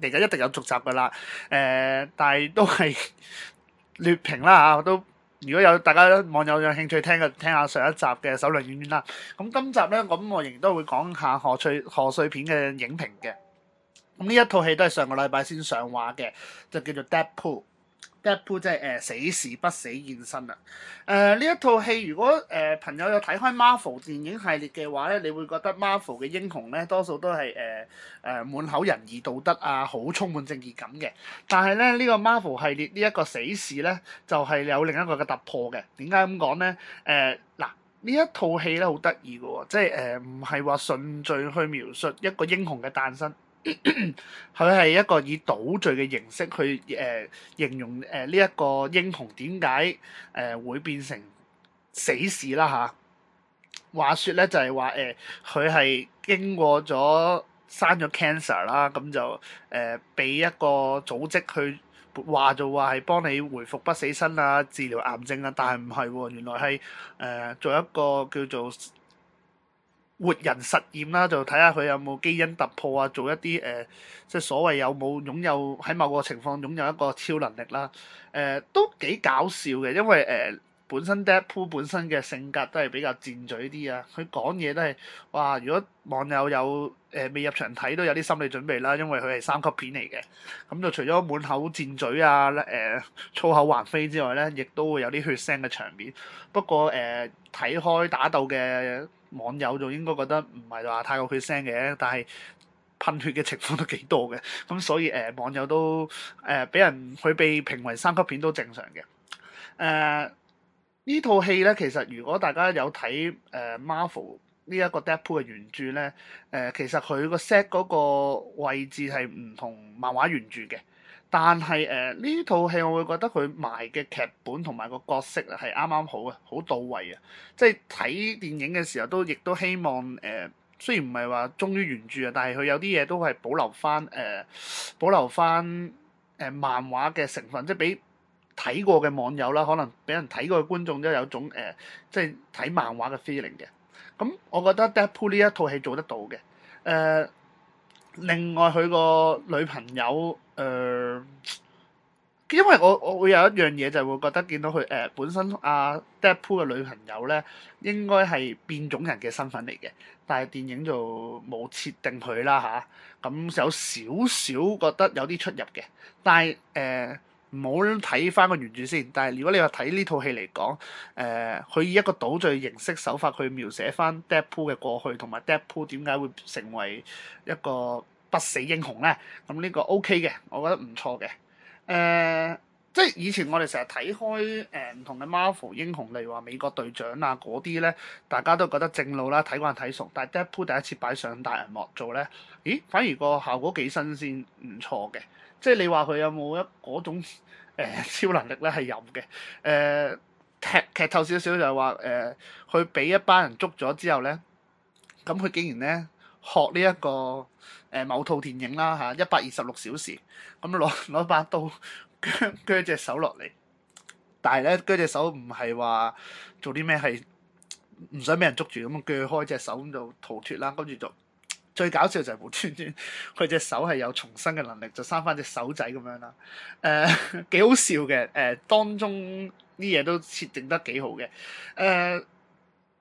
嚟緊一定有續集嘅啦，誒、呃，但係都係劣評啦嚇，都如果有大家網友有興趣聽嘅，聽下上，上一集嘅首倫映院啦。咁、嗯、今集咧，咁、嗯、我亦都會講下賀歲賀歲片嘅影評嘅。咁、嗯、呢一套戲都係上個禮拜先上畫嘅，就叫做 Deadpool。Deadpool 第一部就係誒死侍不死現身啦、啊。誒、呃、呢一套戲，如果誒、呃、朋友有睇開 Marvel 電影系列嘅話咧，你會覺得 Marvel 嘅英雄咧多數都係誒誒滿口仁義道德啊，好充滿正義感嘅。但係咧呢、這個 Marvel 系列呢一、這個死侍咧，就係、是、有另一個嘅突破嘅。點解咁講咧？誒嗱呢一套戲咧好得意嘅喎，即係誒唔係話順序去描述一個英雄嘅誕生。佢係咳咳一個以倒敘嘅形式去誒、呃、形容誒呢一個英雄點解誒會變成死侍啦嚇。話説咧就係話誒佢係經過咗生咗 cancer 啦，咁就誒俾、呃、一個組織去話就話係幫你回復不死身啊、治療癌症啊，但係唔係喎，原來係誒、呃、做一個叫做。活人實驗啦，就睇下佢有冇基因突破啊，做一啲誒、呃，即係所謂有冇擁有喺某個情況擁有一個超能力啦。誒、呃，都幾搞笑嘅，因為誒、呃、本身 Deadpool 本身嘅性格都係比較賤嘴啲啊，佢講嘢都係哇，如果網友有誒、呃、未入場睇都有啲心理準備啦，因為佢係三級片嚟嘅。咁就除咗滿口賤嘴啊、誒、呃、粗口橫飛之外咧，亦都會有啲血腥嘅場面。不過誒睇、呃、開打鬥嘅。網友就應該覺得唔係話太過血腥嘅，但係噴血嘅情況都幾多嘅，咁、嗯、所以誒、呃、網友都誒俾、呃、人佢被評為三級片都正常嘅。誒、呃、呢套戲咧，其實如果大家有睇誒、呃、Marvel 呢一個 Deadpool 嘅原著咧，誒、呃、其實佢個 set 嗰個位置係唔同漫畫原著嘅。但係誒呢套戲我會覺得佢賣嘅劇本同埋個角色係啱啱好嘅，好到位啊！即係睇電影嘅時候都亦都希望誒、呃，雖然唔係話忠於原著啊，但係佢有啲嘢都係保留翻誒、呃，保留翻誒、呃、漫畫嘅成分，即係俾睇過嘅網友啦，可能俾人睇過嘅觀眾都有種誒、呃，即係睇漫畫嘅 feeling 嘅。咁、嗯、我覺得 Deadpool 呢一套戲做得到嘅誒。呃另外佢個女朋友，誒、呃，因為我我會有一樣嘢就會覺得見到佢誒、呃、本身阿、啊、Deadpool 嘅女朋友咧，應該係變種人嘅身份嚟嘅，但係電影就冇設定佢啦嚇，咁、啊、有少少覺得有啲出入嘅，但係誒。呃唔好睇翻個原著先，但係如果你話睇呢套戲嚟講，誒，佢以一個倒敍形式手法去描寫翻 Deadpool 嘅過去同埋 Deadpool 點解會成為一個不死英雄咧？咁呢個 OK 嘅，我覺得唔錯嘅。誒，即係以前我哋成日睇開誒唔同嘅 Marvel 英雄，例如話美國隊長啊嗰啲咧，大家都覺得正路啦，睇慣睇熟。但係 Deadpool 第一次擺上大銀幕做咧，咦，反而個效果幾新鮮，唔錯嘅。即係你話佢有冇一嗰種、呃、超能力咧，係有嘅，誒、呃、劇劇透少少就係話誒，佢、呃、俾一班人捉咗之後咧，咁佢竟然咧學呢、這、一個誒、呃、某套電影啦嚇，一百二十六小時，咁攞攞把刀鋸鋸隻手落嚟，但係咧鋸隻手唔係話做啲咩，係唔想俾人捉住，咁鋸開隻手咁就逃脫啦，跟住就。最搞笑就係無端端佢隻手係有重生嘅能力，就生翻隻手仔咁樣啦。誒、呃、幾好笑嘅，誒、呃、當中啲嘢都設定得幾好嘅。誒、呃、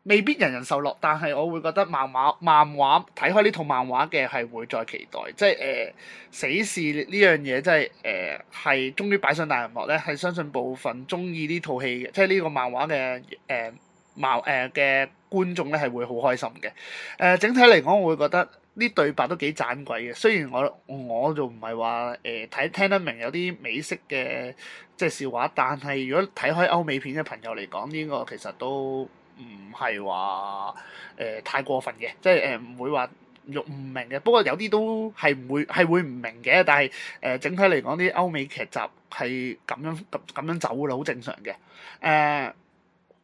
未必人人受落，但係我會覺得漫畫漫畫睇開呢套漫畫嘅係會再期待。即係誒、呃、死侍呢樣嘢真係誒係終於擺上大銀幕咧，係相信部分中意呢套戲嘅，即係呢個漫畫嘅誒、呃、漫誒嘅、呃呃、觀眾咧係會好開心嘅。誒、呃、整體嚟講，我會覺得。啲對白都幾盞鬼嘅，雖然我我就唔係話誒睇聽得明有啲美式嘅即係笑話，但係如果睇開歐美片嘅朋友嚟講，呢、這個其實都唔係話誒太過分嘅，即係誒唔會話慾唔明嘅。不過有啲都係唔會係會唔明嘅，但係誒、呃、整體嚟講，啲歐美劇集係咁樣咁咁樣走嘅啦，好正常嘅。誒、呃、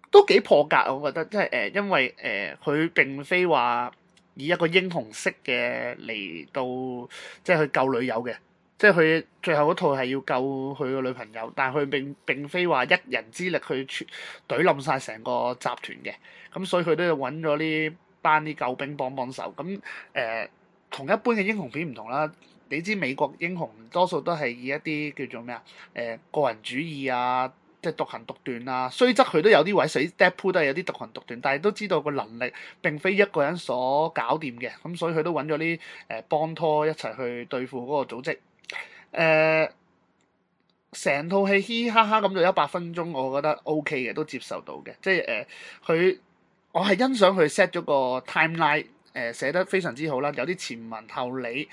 都幾破格，我覺得即係誒、呃，因為誒佢、呃、並非話。以一個英雄式嘅嚟到，即係去救女友嘅，即係佢最後嗰套係要救佢個女朋友，但係佢並並非話一人之力去隊冧晒成個集團嘅，咁所以佢都要揾咗呢班啲救兵幫幫手。咁誒、呃，同一般嘅英雄片唔同啦，你知美國英雄多數都係以一啲叫做咩啊？誒、呃，個人主義啊！即係獨行獨斷啦、啊，雖則佢都有啲位死 Deadpool 都係有啲獨行獨斷，但係都知道個能力並非一個人所搞掂嘅，咁所以佢都揾咗啲誒幫拖一齊去對付嗰個組織。成、呃、套戲嘻嘻哈哈咁做一百分鐘，我覺得 OK 嘅，都接受到嘅。即係誒，佢、呃、我係欣賞佢 set 咗個 timeline，誒、呃、寫得非常之好啦，有啲前文後理。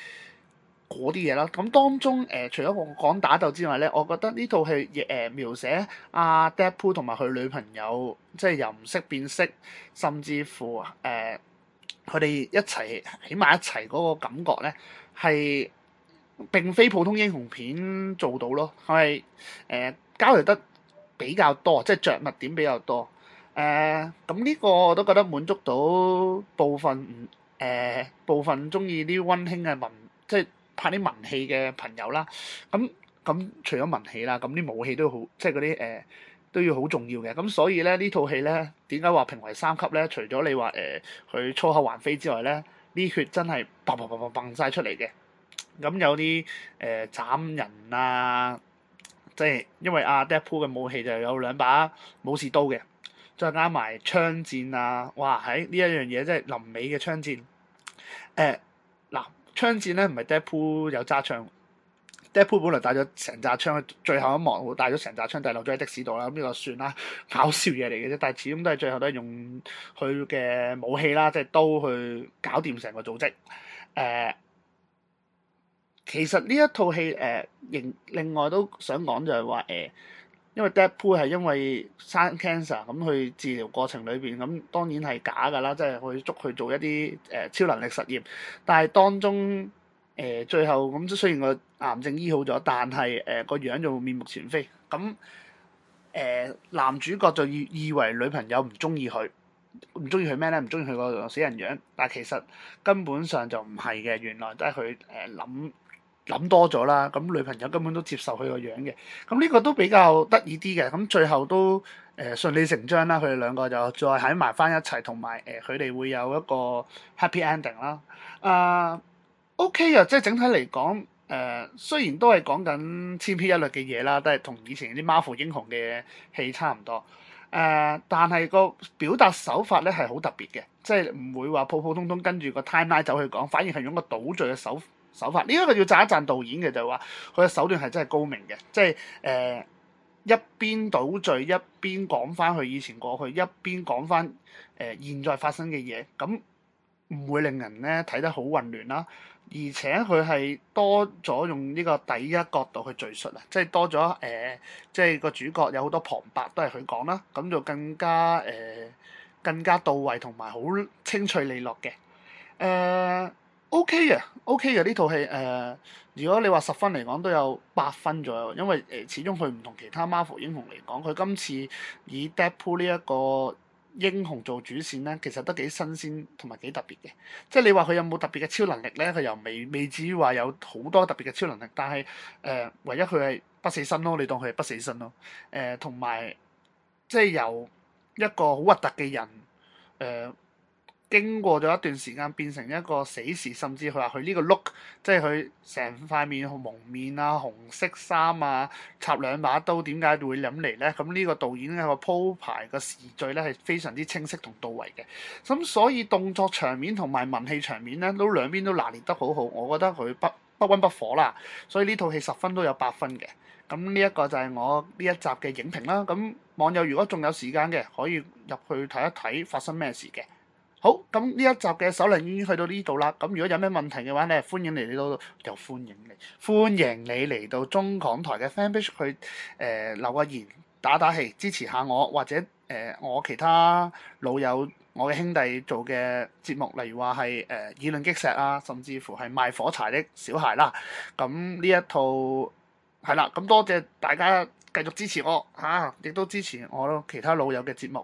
嗰啲嘢啦，咁當中誒、呃、除咗我講打鬥之外咧，我覺得呢套戲誒、呃、描寫阿 Deadpool 同埋佢女朋友，即係又唔識變色，甚至乎誒佢哋一齊起埋一齊嗰個感覺咧，係並非普通英雄片做到咯，係誒、呃、交流得比較多，即係着墨點比較多。誒咁呢個我都覺得滿足到部分唔誒、呃、部分中意啲温馨嘅文，即係。拍啲文戲嘅朋友啦，咁咁除咗文戲啦，咁啲武戲都好，即係嗰啲誒都要好重要嘅。咁所以咧呢套戲咧，點解話評為三級咧？除咗你話誒佢粗口橫飛之外咧，啲血真係砰砰砰砰嘣晒出嚟嘅。咁有啲誒斬人啊，即係因為阿 Deadpool 嘅武器就有兩把武士刀嘅，再加埋槍戰啊，哇！喺呢一樣嘢真係臨尾嘅槍戰，誒、呃。槍戰咧，唔係 Deadpool 有揸槍，Deadpool 本來帶咗成紮槍，最後一幕帶咗成紮槍，但係漏咗喺的士度啦，咁呢個算啦，搞笑嘢嚟嘅啫。但係始終都係最後都係用佢嘅武器啦，即、就、係、是、刀去搞掂成個組織。誒、呃，其實呢一套戲誒、呃，另另外都想講就係話誒。呃因為 Deadpool 係因為生 cancer 咁去治療過程裏邊，咁當然係假㗎啦，即係去捉去做一啲誒、呃、超能力實驗，但係當中誒、呃、最後咁即雖然個癌症醫好咗，但係誒、呃、個樣就面目全非。咁誒、呃、男主角就以以為女朋友唔中意佢，唔中意佢咩咧？唔中意佢個死人樣。但係其實根本上就唔係嘅，原來都係佢誒諗。呃諗多咗啦，咁女朋友根本都接受佢個樣嘅，咁呢個都比較得意啲嘅。咁最後都誒、呃、順理成章啦，佢哋兩個就再喺埋翻一齊，同埋誒佢哋會有一個 happy ending 啦。啊、呃、OK 啊，即係整體嚟講，誒、呃、雖然都係講緊千篇一律嘅嘢啦，都係同以前啲 Marvel 英雄嘅戲差唔多。誒、呃，但係個表達手法咧係好特別嘅，即係唔會話普普通通跟住個 timeline 走去講，反而係用個倒敍嘅手手法呢一、這個要讚一讚導演嘅，就係話佢嘅手段係真係高明嘅，即係誒、呃、一邊倒敘一邊講翻佢以前過去，一邊講翻誒現在發生嘅嘢，咁唔會令人咧睇得好混亂啦、啊。而且佢係多咗用呢個第一角度去敘述啊，即係多咗誒、呃，即係個主角有好多旁白都係佢講啦，咁就更加誒、呃、更加到位同埋好清脆利落嘅誒。呃 O.K. 嘅、啊，O.K. 嘅呢套戲，誒、呃，如果你話十分嚟講，都有八分左右，因為誒、呃，始終佢唔同其他 Marvel 英雄嚟講，佢今次以 Deadpool 呢一個英雄做主線咧，其實都幾新鮮同埋幾特別嘅。即係你話佢有冇特別嘅超能力咧？佢又未未至於話有好多特別嘅超能力，但係誒、呃，唯一佢係不死身咯。你當佢係不死身咯？誒、呃，同埋即係由一個好核突嘅人，誒、呃。經過咗一段時間，變成一個死侍，甚至佢話佢呢個 look，即係佢成塊面蒙面啊，紅色衫啊，插兩把刀，點解會咁嚟咧？咁呢個導演嘅鋪排個時序咧係非常之清晰同到位嘅。咁所以動作場面同埋文戲場面咧，都兩邊都拿捏得好好。我覺得佢不不温不火啦，所以呢套戲十分都有八分嘅。咁呢一個就係我呢一集嘅影評啦。咁網友如果仲有時間嘅，可以入去睇一睇發生咩事嘅。好，咁、嗯、呢一集嘅首輪已經去到呢度啦。咁、嗯、如果有咩問題嘅話咧，你歡迎嚟到又歡迎你，歡迎你嚟到中港台嘅 Fanpage 去誒、呃、留個言，打打氣，支持下我或者誒、呃、我其他老友、我嘅兄弟做嘅節目，例如話係誒議論擊石啊，甚至乎係賣火柴的小孩啦。咁、嗯、呢一套係啦，咁、嗯、多謝大家繼續支持我嚇，亦、啊、都支持我咯，其他老友嘅節目。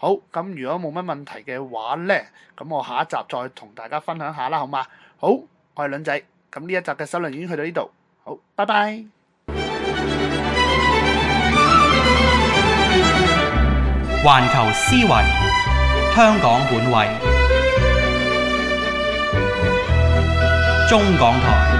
好，咁如果冇乜問題嘅話呢，咁我下一集再同大家分享下啦，好嘛？好，我係倫仔，咁呢一集嘅首倫已經去到呢度，好，拜拜。環球思維，香港本位，中港台。